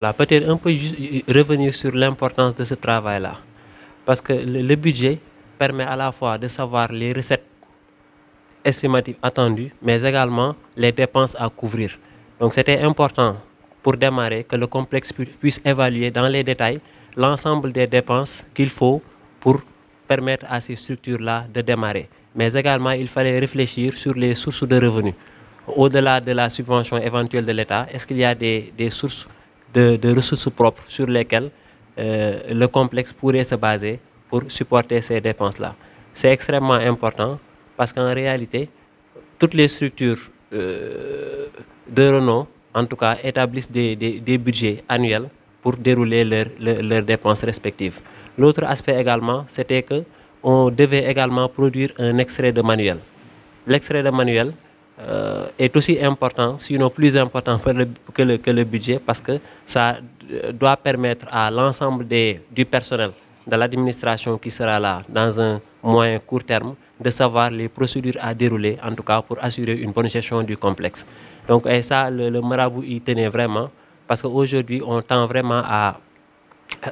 peut-être un peu euh, euh, revenir sur l'importance de ce travail-là. Parce que le budget permet à la fois de savoir les recettes estimatives attendues, mais également les dépenses à couvrir. Donc c'était important pour démarrer que le complexe puisse évaluer dans les détails l'ensemble des dépenses qu'il faut pour permettre à ces structures-là de démarrer. Mais également, il fallait réfléchir sur les sources de revenus. Au-delà de la subvention éventuelle de l'État, est-ce qu'il y a des, des sources de, ressources propres sur lesquelles euh, le complexe pourrait se baser pour supporter ces dépenses-là. C'est extrêmement important parce qu'en réalité, toutes les structures euh, de Renault, en tout cas, établissent des, des, budgets annuels pour dérouler leurs dépenses respectives. L'autre aspect également, c'était que on devait également produire un extrait de manuel. L'extrait de manuel, euh, est aussi important, sinon plus important que le, que le, budget, parce que ça euh, doit permettre à l'ensemble du personnel de l'administration qui sera là dans un moyen court terme de savoir les procédures à dérouler, en tout cas pour assurer une bonne gestion du complexe. Donc et ça, le, marabout y tenait vraiment, parce qu'aujourd'hui, on tend vraiment à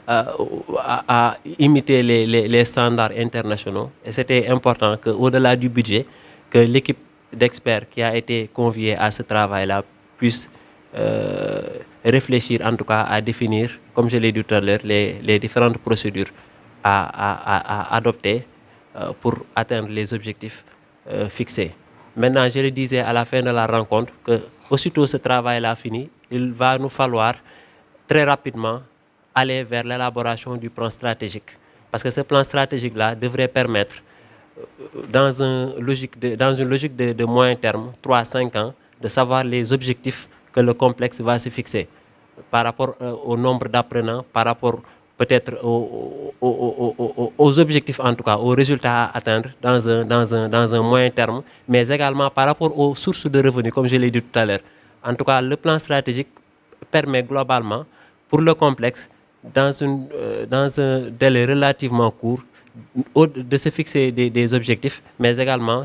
à, imiter les, les, les standards internationaux. Et c'était important qu'au-delà du budget, que l'équipe d'experts qui a été convié à ce travail-là puisse euh, réfléchir en tout cas à définir, comme je l'ai dit tout à l'heure, les, différentes procédures à, adopter euh, pour atteindre les objectifs euh, fixés. Maintenant, je le disais à la fin de la rencontre que aussitôt ce travail-là fini, il va nous falloir très rapidement aller vers l'élaboration du plan stratégique. Parce que ce plan stratégique-là devrait permettre dans, logique de, dans une logique de, moyen terme, 3-5 ans, de savoir les objectifs que le complexe va se fixer par rapport euh, au nombre d'apprenants, par rapport peut-être aux, objectifs en tout cas, aux résultats à atteindre dans un, dans, un, dans un moyen terme, mais également par rapport aux sources de revenus, comme je l'ai dit tout à l'heure. En tout cas, le plan stratégique permet globalement pour le complexe, dans, euh, dans un délai relativement court, de se fixer des, objectifs, mais également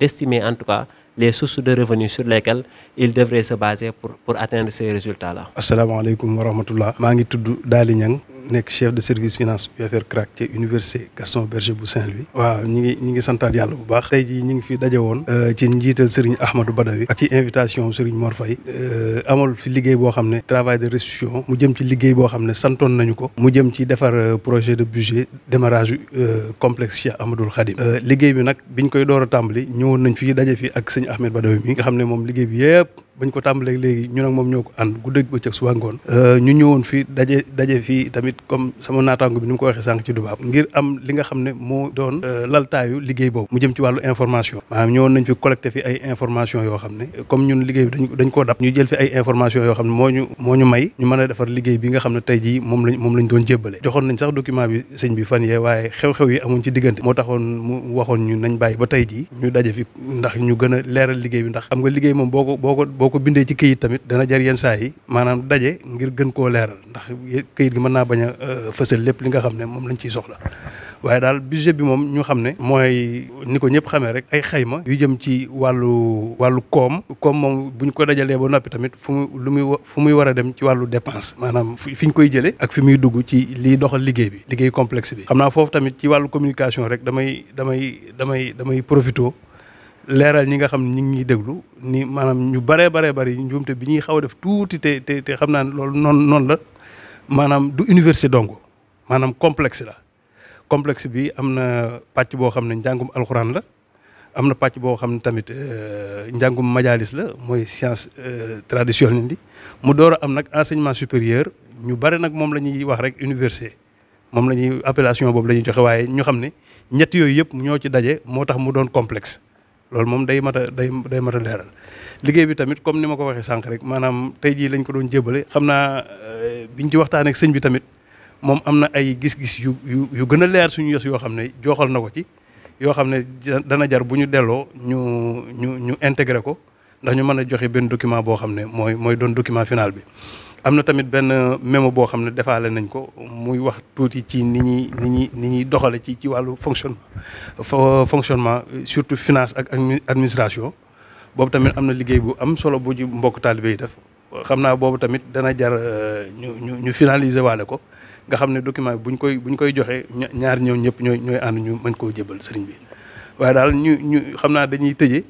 d'estimer de, en tout cas les sources de revenus sur lesquelles il devrait se baser pour, atteindre ces résultats-là nek chef de service finance UFR CRAC ci université Gaston Berger bu Saint-Louis waaw ñi ngi ñi ngi santat yalla bu baax tay ji ñi ngi fi dajé won euh, ci njital Serigne Ahmadou Badawi ak ci invitation Serigne Mor Faye euh, amul fi liggéey bo xamné travail de restitution mu jëm ci liggéey bo xamné ne nañu ko mu jëm ci défar euh, projet de budget démarrage complexe Cheikh Ahmadoul Khadim liggéey bi nak biñ koy door tambali tàmbali nañ fi dajé fi ak serigne Ahmed Badawi mi nga xamné mom moom liggéey bi yépp bañ ko tàmbalee léegi ñun ak moom ñoo ko ànd guddeeg bëccëg suba ngoon euh, ñu ñëwoon fi daje daje fii tamit comme sama naataango bi ni mu ko waxee sànq ci dubaab ngir am li nga xam ne moo doon euh, laltaayu liggéey boobu mu jëm ci wàllu information maanaam ñëwoon nañ fi collecté fi ay information yoo xam ne comme ñun liggéey bi dañ dañ koo dab ñu jël fi ay yoo xam ne moo ñu moo ñu may ñu mën a defar liggéey nga xam ne tey jii moom lañ moom lañ doon jébbale joxoon nañ sax document bi sëñ bi fan yee waaye xew-xew yi amuñ ci diggante moo taxoon mu waxoon ñu nañ bàyyi ba tey jii ñu daje fi ndax ñu gën a leeral liggéey bi ndax am nga liggéey moom boo ko boo boo ko bindee ci këyit tamit dana jar yenn saa yi maanaam daje ngir gën koo leeral ndax këyit gi mën naa bañ a euh, fësal lépp li nga xam ne moom lañ ciy soxla waaye daal budget bi moom ñu xam ne mooy ni ko ñëpp xamee rek ay xayma yu jëm ci wàllu wàllu koom koom moom bu ñu ko dajalee ba noppi tamit fu mu lu muy fu muy war a dem ci wàllu dépense maanaam fi ñu koy jëlee ak fi muy dugg ci liy doxal liggéey bi liggéey complexe bi xam naa foofu tamit ci wàllu communication rek damay damay damay damay profito leeral ñi nga xam ne ñu ngi ñuy déglu ni maanaam ñu baree baree bari njuumte bi ñuy xaw a def tuuti te te te xam naa loolu noon noonu la maanaam du université dong maanaam complexe la. complexe bi am na pàcc boo xam ne njàngum alxuraan la am na pàcc boo xam ne tamit euh, njàngum majalis la mooy science euh, traditionnelle di mu door a am nag enseignement supérieur ñu bare nag moom la ñuy wax rek université. moom la ñuy appellation boobu la ñuy joxe waaye ñu xam ne ñett yooyu yëpp ñoo ci daje moo tax mu doon complexe loolu moom day mat day day mat a leeral liggéey bi tamit comme ni ma ko waxee sànq rek maanaam tey jii lañ ko doon jébale xam naa euh, biñ ci waxtaanee ak sëñ bi tamit moom am na ay gis-gis yu yu yu gën a leer suñu yos yoo xam ne jooxal na ko ci yoo xam ne dana jar bu ñu delloo ñu ñu ñu intégré ko ndax ñu mën a joxe benn document boo xam ne mooy mooy doon document final bi am na tamit benn mémo boo xam ne defaale nañ ko muy wax tuuti ci ni ñuy ni ñuy ni ñuy doxale ci ci wàllu fonctionnement fonctionnement surtout finance ak administration boobu tamit am na liggéey bu am solo bu ci mbokk taalibe yi def xam naa boobu tamit dana jar euh, ñu ñu ñu finaliser waale ko nga xam ne document bu ñu koy buñ koy joxee ñaar ñëw ñëpp ñooy ñooy ànd ñu mën koo jébal sëriñ bi waaye daal ñu ñu xam naa dañuy tëje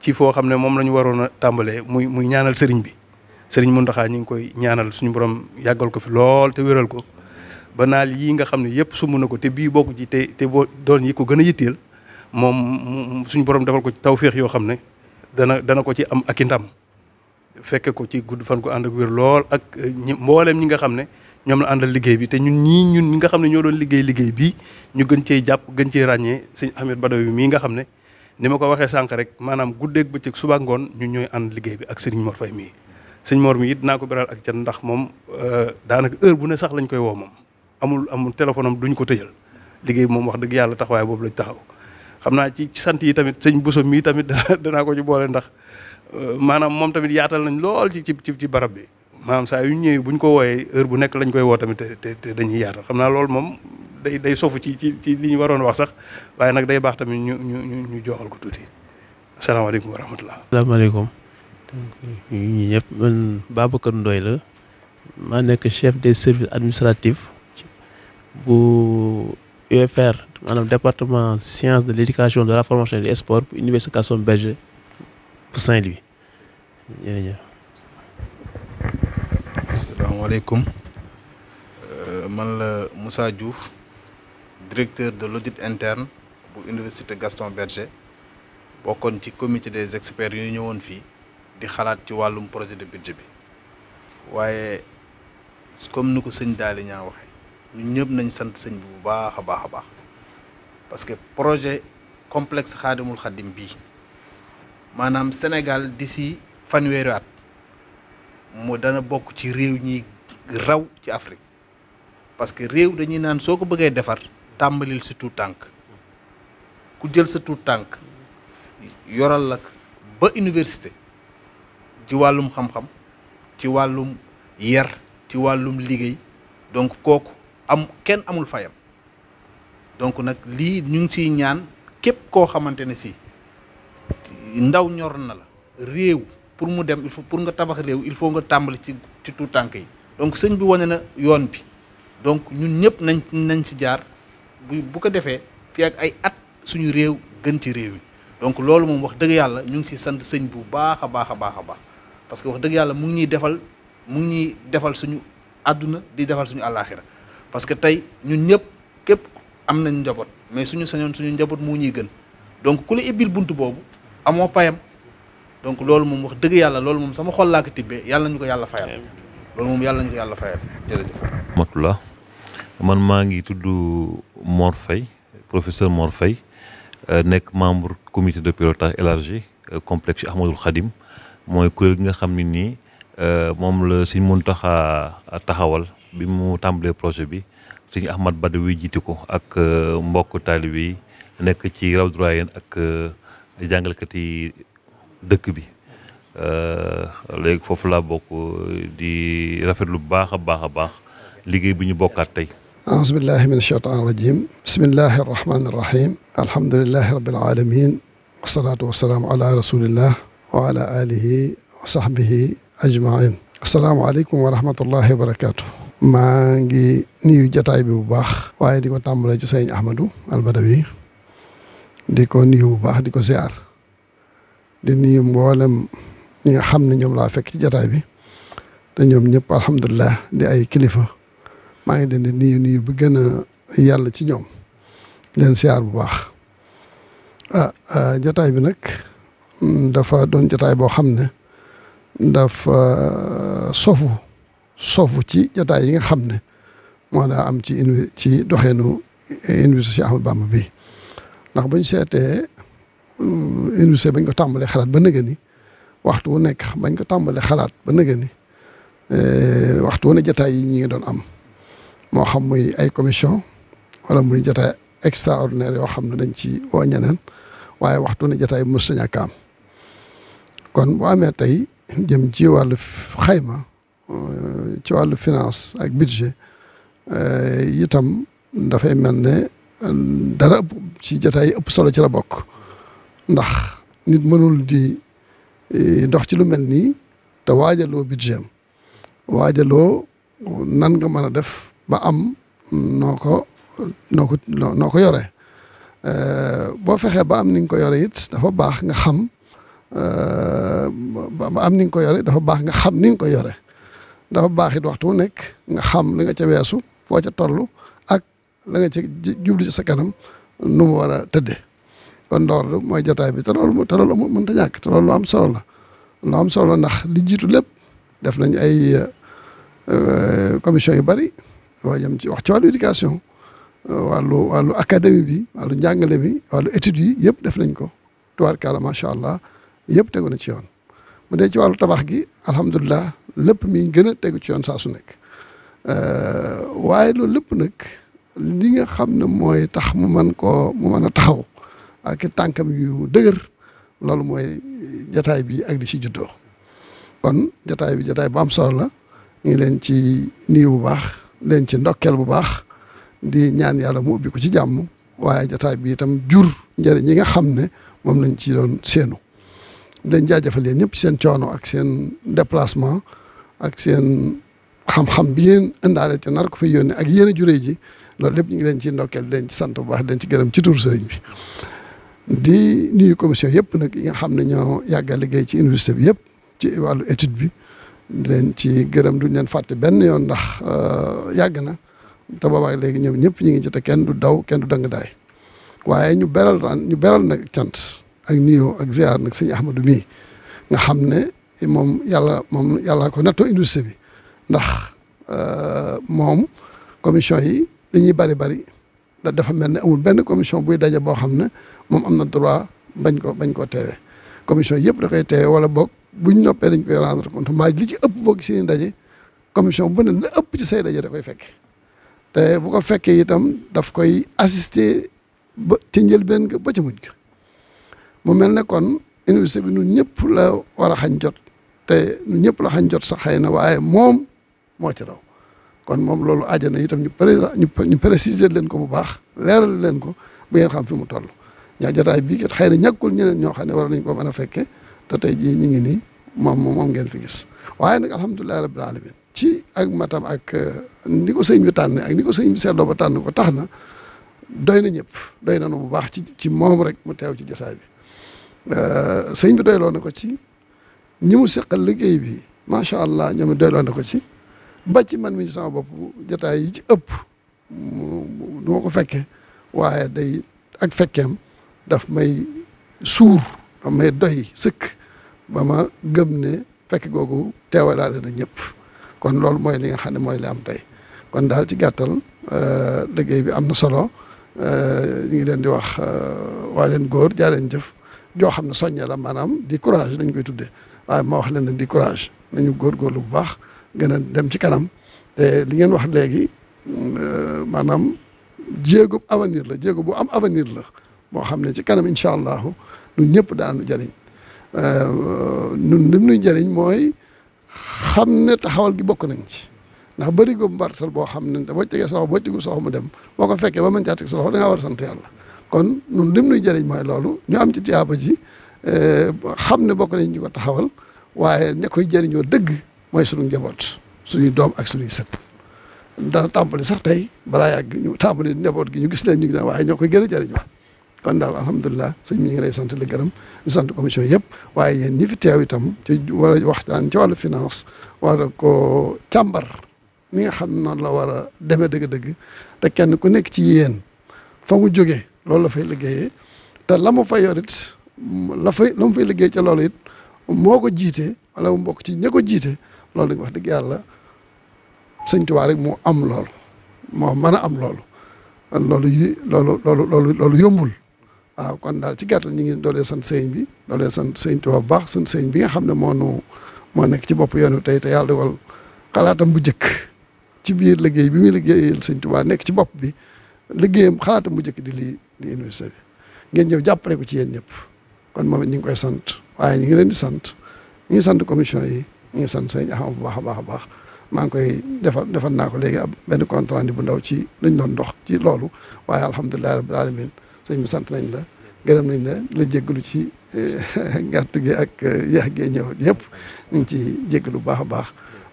ci foo xam ne moom la ñu waroon a tàmbalee muy muy ñaanal sëriñ bi Serigne Mountakha ñi ngi koy ñaanal suñu borom yagal ko fi lol te wëral ko ba naal yi nga xam yépp su mëna ko te bi bokku ci te te doon yi ko gëna yittel mom suñu borom defal ko ci tawféex yo xamne dana dana ko ci am ak ndam fekke ko ci gudd fan ko and ak wër lol ak eh, mbolem ñi nga xamne ñom la andal liggey bi te ñun ñi ñun ñi nga xamne ño doon liggey liggey bi ñu gën ci japp gën ci ragné serigne Ahmed Badawi mi nga xamne nima ko waxe sank rek manam guddé ak bëcc ak suba ngoon ñun ñoy and liggey bi ak serigne Mor Fay mi sëñ moor mi it naa ko beral ak can ndax moom euh, daanaka heure bu ne sax lañ koy woo moom amul amul téléphone duñ ko tëjal liggéey moom wax dëgg yàlla taxawaay boobu lañ taxaw xam naa ci sant yi tamit sëñ Bousso mii tamit danaa ko ci boole ndax euh, maanaam moom tamit yaatal nañ lool ci ci ci barab bi maanaam yu ñëwee bu ñu ko wooyee heure bu nekk lañ koy woo tamit te dañuy yaatal xam naa loolu moom day day sofu ci ci ci li ñu waroon wax sax waaye nag day baax tamit ñu ñu ñu joxal ko tuuti asalaamaaleykum wa rahmatullah Je suis Babacar chef des services administratifs bu UFR le département sciences de l'éducation de la formation et des sports pour l'Université Gaston Berger Pour Saint-Louis Je suis euh, man Moussa Diouf directeur de l'audit interne pour l'Université Gaston Berger bokkoon le comité des experts de ñëwoon di xalaat ci walum projet de budget bi waye comme nuko seigne dali daali waxe ñun ñëpp nañ sante seigne bi bu baaxa baaxa baax parce que projet complexe khadimul khadim bi manam senegal d'ici wéru at mo dana bok ci réew ñi raw ci Afrique parce que réew dañuy naan soko bëggé défar defar ci tout tank ku jël sa tout tank yoral lak ba université ci wàllum xam-xam ci wàllum yar ci wàllum liggéey donc kooku am kenn amul fayam donc nag lii ñu ngi siy ñaan képp koo xamante ne si ndaw ñor na la réew pour mu dem il faut pour nga tabax réew il faut nga tàmbali ci ci tànk yi donc sëñ bi wane na yoon bi donc ñun ñëpp nañ nañ si jaar bu bu ko defee fii ak ay at suñu réew gën ci réew mi donc loolu moom wax dëgg yàlla ñu ngi si sant sëñ bu baax baax a baax a baax parce que wax deug yalla mu ngi defal mu ngi defal suñu aduna di defal suñu alakhirah parce que tay ñun ñep kep am nañ njabot mais suñu sañon suñu njabot mo ñuy gën donc ku la ibil buntu bobu amo payam donc loolu mom wax deug yalla loolu mom sama xol la ko tibbe yalla ñu ko yalla fayal loolu mom yalla ñu ko yalla fayal jërëjëf matullah man ma ngi tuddu Mor Faye professeur Mor Faye euh, nekk membre comité de pilotage élargi euh, complexe ahmadou Khadim mooy kuréel gi nga xam ne nii euh, moom la Sëñ Muntaxa taxawal bi mu tàmbalee projet bi Sëñ Ahmad Badawi jiite ko ak euh, mbokk taalibe yi nekk ci raw doyen ak euh, jàngalekat yi dëkk bi léegi foofu la bokk di rafetlu lu baax a baax a baax liggéey bi ñu bokkaat tey ahousubillahi min asheytan irajim bismillahi arrahmani irrahim alhamdulilahi rabil alamin wasalatu wasalaamu ala rasulillah wa ala alihi wa sahbihi ajmain asalaamaaleykum wa rahmatullahi wa barakaatu. maa ngi nuyu jataay bi bu baax waaye di ko tàmbalee ci sëñ Ahmadou Albadawi di ko nuyu bu baax di ko ziar di nuyu mboolem ñi nga xam ne ñoom laa fekk ci jataay bi te ñoom ñëpp alhamdulilah di ay kilifa maa ngi leen di nuyu bu gën a yàlla ci ñoom den ziar bu baax ah, ah bi nag. dafa doon jataay boo xam ne dafa euh, sofu sofu ci jataay yi nga xam ne moo daa am ci invi ci doxeenu euh, université Cheikh Ahmadou bi ndax bañ seetee euh, université bañ ko tàmbalee xalaat ba nëgë ni waxtu wu nekk bañ ko tàmbalee xalaat ba nëgë ni waxtu wu ne jataay yi ñu ngi doon am moo xam muy ay commission wala muy jataay extraordinaire yoo xam ne dañ ci woo ñeneen waaye waxtu ne jataay mos sañ a kon boo amee tey jëm ci wàllu xayma ci wàllu finance ak budget eh, itam dafay mel ne dara ci jataay ëpp solo ci la bokk ndax nit mënul di ndox eh, ci lu mel nii te waajaloo budget am waajaloo nan nga mën a def ba am noo ko noo ko noo ko yore eh, boo fexee ba am ni nga ko yore it dafa baax nga xam ba am ni nga ko yore dafa baax nga xam ni nga ko yore dafa baax it waxtu nekk nga xam la nga ca weesu foo ca tollu ak la nga ca jublu ci sa kanam nu mu war a tëddee kon mooy jotaay bi te loolu te loolu mën ta ñàkk te loolu lu am solo la lu am solo ndax li jiitu lépp def nañ ay euh, commission yu bari yoo jëm ci wax ci wàllu éducation wàllu wàllu académie bi wàllu njàngale bi wàllu études yi yëpp def nañ ko tubaarkalla macha allah yëpp tegu na ci yoon bu dee ci wàllu tabax gi alhamdulilah lépp mi ngi gën a tegu ci yoon saa su nekk euh, waaye loolu lépp nag li nga xam ne mooy tax mu mën koo mu mën a taxaw ak tànkam yu dëgër loolu mooy jataay bi ak di ci juddoo kon jataay bi jataay bu am solo la ñu ngi leen ci nuyu bu baax leen ci ndokkeel bu baax di ñaan yàlla mu ubbi ci jàmm waaye jataay bi itam jur njëriñ yi nga xam ne moom lañ ci doon seenu dañ jaajëfal yéen ñëpp seen coono ak seen déplacement ak seen xam-xam bi yéen indaale ci nar ko fay yónnee ak yéen a juree ji loolu lépp ñu ngi leen ci ndokkeel leen ci sant bu baax gërëm ci tur sëriñ bi. di nuyu commission yëpp nag yi nga xam ne ñoo yàgg liggéey ci université bi yëpp ci wàllu étude bi leen ci gërëm duñ leen fàtte benn yoon ndax euh, yàgg na te boobaak léegi ñoom ñëpp ñu ngi jot a kenn du daw kenn du dang daay waaye ñu beral ran ñu beral nag cant. ak nuyoo ak ziar nag sëñ Ahmadou mii nga xam ne moom yàlla moom yàllaa ko nattoo industrie bi ndax euh, moom commission yi dañuy bari bari da dafa mel ne amul benn commission buy daje boo xam ne moom am na droit bañ ko bañ koo teewee commission yëpp da koy teewee wala boog buñ noppee dañ koy rendre compte mbaa li ci ëpp boo gisee daje commission bu ne la ëpp ci say daje da koy fekk te bu ko fekkee itam daf koy assister ba ci njëlbeen ba ci muñ ko mu melne ne kon université bi nu ñepp la wara xañ jot te nu ñepp la xañ jot sax xëy waye waaye mo ci raw kon mom lolu aljana itam ñu ñu préciser leen ko bu baax leeral leen ko bu ngeen xam fi mu tollu ñaa jotaay bii kat xeyna ñakul ñeneen ño xane ne war nañ ko mëna fekke te tay ji ñi ngi nii mom mom ngeen fi gis waaye nak alhamdulilahi rabbil alamin ci ak matam ak euh, ni ko sëñ bi tan ak ni ko sëñ bi seddo ba tan ko taxna doyna doy doyna doy na nu bu baax ci ci mom rek mu tew ci jotaay bi Euh, sëñ bi doyloo na ko ci ñi mu seqal liggéey bi macha allah ñoom it doyloo na ko ci ba ci man mi sama bopp jotaay yi ci ëpp du ma ko fekke waaye day ak fekkeem daf may suur daf may doy sëkk ba gëm ne fekk googu teewa daal na ñëpp kon loolu mooy li nga xam ne mooy li am tey kon daal ci gàttal euh, liggéey bi am na solo euh, ñu ngi leen di wax waa leen góor jaa leen jëf joo xam ne soññe la maanaam di courage lañ koy tuddee waaye ma wax leen ne di courage nañu góorgóorlu bu baax gën a dem ci kanam te li ngeen wax léegi euh, maanaam jéego avenir la jéego bu am avenir la boo xam ne ci kanam incha allahu ñun ñëpp daanu jëriñ euh, ñun lim nuy jëriñ mooy xam ne taxawal gi bokk nañ ci ndax bëri góob mbartal boo xam ne boo tegee sa loxo boo tegul sa loxo mu dem boo ko fekke ba mën caa teg sa loxo da ngaa war a kon nun lim nuy jëriñ mooy loolu ñoo am ci tiyaaba ji eh, xam ne bokk nañ ñu ko taxawal waaye ña koy jëriñoo dëgg mooy suñu njaboot suñuy doom ak suñuy sët dana tàmbali sax tey balaa yàgg ñu tàmbali njaboot gi ñu gis leen ñu ngi waaye ñoo koy gën a jëriñoo kon daal alhamdulilah sëñ mi ngi lay sant la gërëm di sant commission yëpp waaye yéen ñi fi teew itam ci war a waxtaan ci wàllu finance war a ko càmbar mi nga xam noonu la war a demee dëgg-dëgg te kenn ku nekk ci yéen fa mu jógee loolu la fay liggéeyee te la mu fa yor it la fay liggéey ca loolu yit moo ko jiite wala mu bokk ci ña ko jiite loolu wax dëgg yàlla sëñ Tuubaa rek mu am loolu moo mën a am loolu loolu loolu loolu loolu yombul waaw kon daal ci gàttal ñu ngi doolee sant sëñ bi doolee sant sëñ Tuubaa bu baax sant sëñ bi nga xam ne moo nu moo nekk ci bopp yoon wi tey te yàlla dogal xalaatam bu njëkk ci biir liggéey bi muy liggéeyal sëñ Tuubaa nekk ci bopp bi liggéeyam xalaatam bu njëkk di lii di université bi ngeen ñëw jàppale ko ci yéen ñëpp kon moom it ñu koy sant waaye ñu ngi leen di sant ñu ngi sant commission yi ñu ngi sant sëñ Axam bu baax a baax a baax maa ngi koy defal defal naa ko léegi ab benn compte rendu bu ndaw ci luñ doon dox ci loolu waaye alhamdulilah rabbil alamin sëñ bi sant nañ la gërëm nañ la la jéggalu ci eh, gàtt gi ak eh, yeex gi ñëw yëpp ñu ngi ci jéggalu bu baax a baax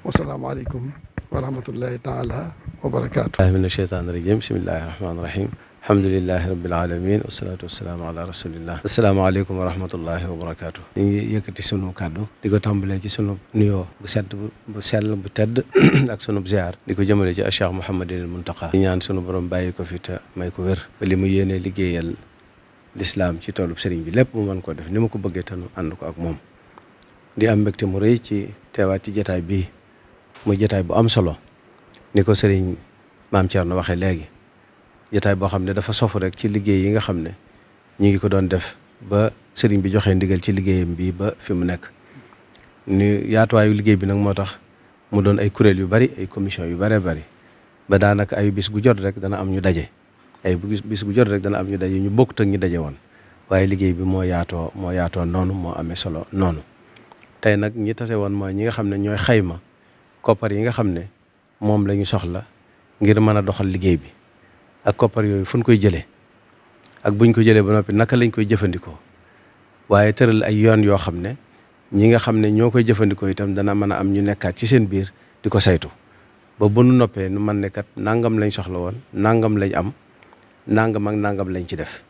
wasalaamaaleykum wa rahmatullahi taala wa barakaatu. mina sheytaani rajim bismillahi rahmaani rahim الحمد لله رب العالمين والصلاه والسلام على رسول الله السلام عليكم ورحمه الله وبركاته ني ييكتي سونو كادو ديكو تامبالي سي سونو نيو بو سد بو سيل بو تاد اك سونو زيار ديكو جيمالي سي الشيخ محمد المنتقى نيان سونو بروم بايكو فيتا مايكو وير بلي ما يينه ليغيال الاسلام سي تولب سيرين بي لب مو مان كو ديف نيما كو بوغي تانو اندكو اك موم دي ام بكتي مو تيواتي جتاي بي مو بو ام نيكو سيرين مام تيرنو واخي jotaay boo xam ne dafa sofu rek ci liggéey yi nga xam ne ñu ngi ko doon def ba sëriñ bi joxe ndigal ci liggéeyam bii ba fi mu nekk ni yaatuwaayu liggéey bi nag moo tax mu doon ay kuréel yu bari ay commission yu bëree bari ba daanaka ay bis gu jot rek dana am ñu daje ay bis gu jot rek dana am ñu daje ñu bokkut ak ñu daje woon waaye liggéey bi moo yaatoo moo yaatoo noonu moo amee solo noonu tey nag ñi tase woon mooy ñi nga xam ne ñooy xayma koppar yi nga xam ne moom la ñu soxla ngir mën a doxal liggéey bi ak koppar yooyu fu ñu koy jëlee ak buñ ko jëlee ba noppi naka lañ koy jëfandikoo waaye tëral ay yoon yoo xam ne ñi nga xam ne ñoo koy jëfandikoo itam dana mën a am ñu nekkaat ci seen biir di ko saytu ba bu nu noppee nu man ne nangam lañ soxla woon nangam lañ am nangam ak nangam lañ ci def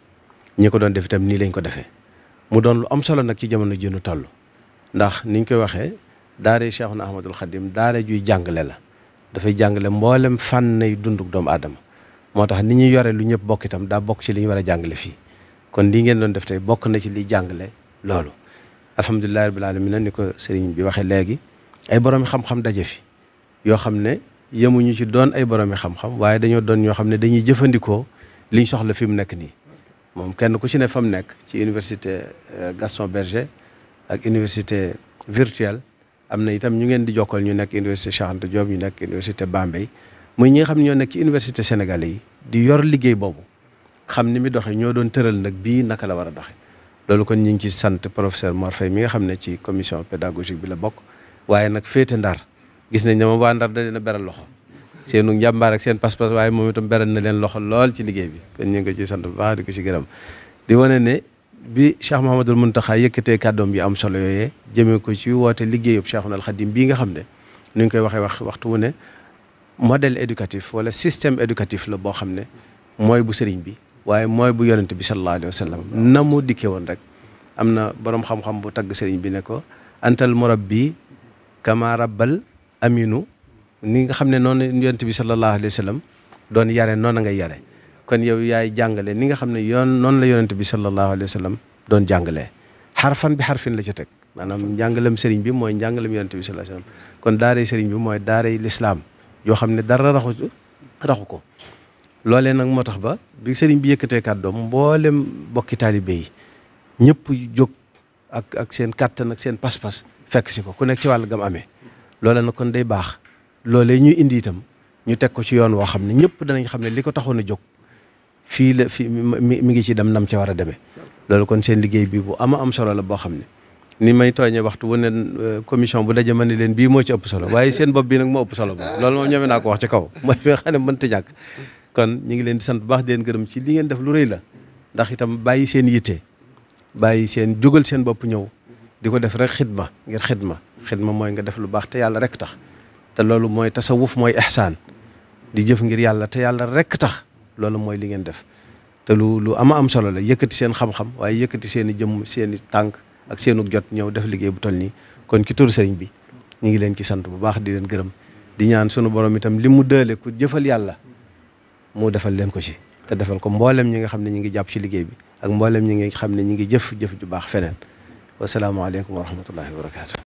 ñi ko doon def itam nii lañ ko defee mu doon lu am solo nag ci jamono ji nu toll ndax niñ koy waxee daare Cheikhuna Ahmadul Xadim daare juy jàngale la dafay jàngale mboolem fànn nay dunduk doomu aadama moo tax ni ñuy yore lu ñëpp bokk itam daa bokk ci li ñu war a jàngale fii kon lii ngeen doon def tey bokk na ci liy jàngale loolu alhamdulilahi rabbil alamin ni ko sëriñ bi waxee léegi ay boromi xam-xam daje fi yoo xam ne yemuñu ci doon ay boromi xam-xam waaye dañoo doon ñoo xam ne dañuy jëfandikoo liñ soxla fi mu nekk nii moom kenn ku ci ne fa mu nekk ci université euh, Gaston Berger ak université virtuelle am na itam ñu ngeen di jokkal ñu nekk université Cheikh Anta ñu nekk université Bambey muy ñi nga xam ne ñoo nekk ci université sénégalais yi di yor liggéey boobu xam ni mi doxe ñoo doon tëral nag bii naka la war a doxe loolu kon ñu ngi ci sant professeur Mor Faye mi nga xam ne ci commission pédagogique bi la bokk waaye nag féete ndar gis nañ ne moom waa ndar da leen a beral loxo seenu njàmbaar ak seen pas-pas waaye moom itam beral na leen loxo lool ci liggéey bi kon ñu ngi ko ci sant baax di ko ci gërëm di wane ne bi Cheikh Mouhamadul Mountakha yëkkatee kàddoom yi am solo yooyee jëmee ko ci woote liggéeyub Cheikhul Khadim bii nga xam ne nu ñu koy waxee wax waxtu wu ne modèle éducatif wala système éducatif la boo xam ne mooy bu sëriñ bi waaye mooy bu yonent bi sallallahu alayhi wa sallam na mu dikke woon rek am na boroom xam-xam bu sëriñ bi ne ko antal murabbi kama rabbal aminu ni nga ne noonu bi sallallahu alayhi wa sallam yare non ngay yare kon yow yaay jàngale ni nga xam ne yoon noonu la yonent bi sallallahu alayhi wa sallam doon jàngalee xarfan bi harfin la ca teg maanaam njàngalem sëriñ bi mooy njàngalem yonent bi sallallahu alayhi wa sallam kon daaray sëriñ bi mooy daaray l'islam yoo xam ne dara raxu raxu ko loolee nag moo tax ba bi sëriñ bi yëkkatee kàddoom mboolem bokki taalibe yi ñëpp jóg ak ak seen kàttan ak seen pas-pas fekk si ko ku nekk ci wàll gam amee loolee nag kon day baax loolee ñuy indi itam ñu teg ko ci yoon woo xam ne ñëpp danañ xam ne li ko taxoon a jóg fii la fii mi ngi ci dem nam ca war a demee loolu kon seen liggéey bi bu ama am solo la boo xam ne ni may tooñee waxtu wu ne euh, commission bu daje ma leen bii mooy ci ëpp solo waaye seen bopp bii nag moo ëpp solo moom loolu moom ñoome naa ko wax ci kaw mooy fi nga xam ne mënta ñàkk kon ñu ngi leen di sant bu baax di gërëm ci li ngeen def lu rëy la ndax itam bàyyi seen yitte bàyyi seen jógal seen bopp ñëw di ko def rek xidma ngir xidma xidma mooy nga def lu baax te yàlla rek tax te loolu mooy tasawuf mooy ihsaan di jëf ngir yàlla te yàlla rek tax loolu mooy li ngeen def te lu lu ama am solo la yëkkati seen xam waaye yëkkati seen i jëmm seen i tànk ak seenu jot ñëw def liggéey bu toll nii kon ci turu sëriñ bi ñu ngi leen ci sant bu baax di leen gërëm di ñaan sunu borom itam li mu dële ku jëfal yàlla mu defal leen ko ci te defal ko mboolem ñi nga xam ne ñu ngi jàpp ci liggéey bi ak mboolem ñi nga xam ne ñu ngi jëf jëf ju baax feneen wasalaamaaleykum wa rahmatullahi wa